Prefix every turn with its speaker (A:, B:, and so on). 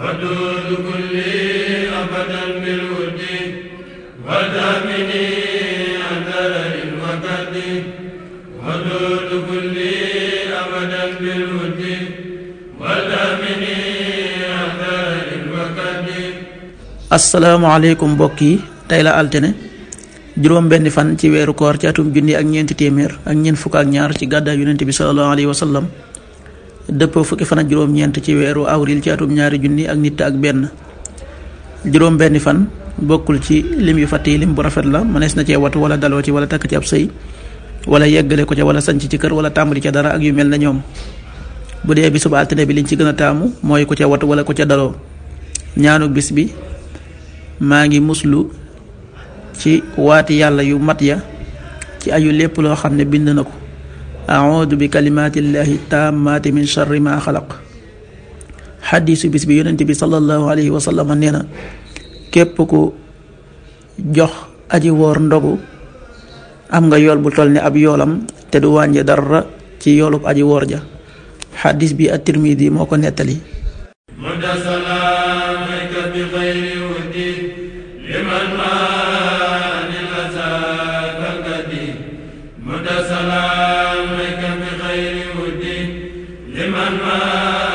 A: ودود كلي أبدا بالود ودامني أدر وكد ودود كلي
B: أبدا بالود ودامني أدر وكد السلام عليكم بوكي تايلا التنه juróom benn fan ci weeru koor ci atum junni ak ñeenti téeméer ak ñeent fukk ak ñaar ci gàddaay yonent bi sallallahu alayhi wa dëppoo fukki fan ak juróom-ñeent ci weeru awril ci atum ñaari junni ak nit ak benn juróom benni fan bokkul ci lim yu fàtte yi lim bu rafet la mënees na cee watu wala daloo ci wala takk ci ab sëy wala yeggale ko ca wala sanc ci kër wala tàmbali ca dara ak yu mel na ñoom bu dee bisu ba altine bi liñ ci gën a taamu mooy ku ca watu wala ku ca daloo ñaanu bis bi maa ngi muslu ci waati yàlla yu mat ya ci ayu lépp loo xam ne bind na ko audu bi kalimaatillahi taammaati min charri maa xalaq xaddiisu bis bi yonent bi sallallahu alayhi wa sallam nee na képp ku jox aji woor ndogu am nga yool bu toll ne ab yoolam te du wàññi dara ci yoolub aji woor ja xaddis bi at tirmidi moo ko nettali.
A: مدى سلامك
C: بخير ود لمن ما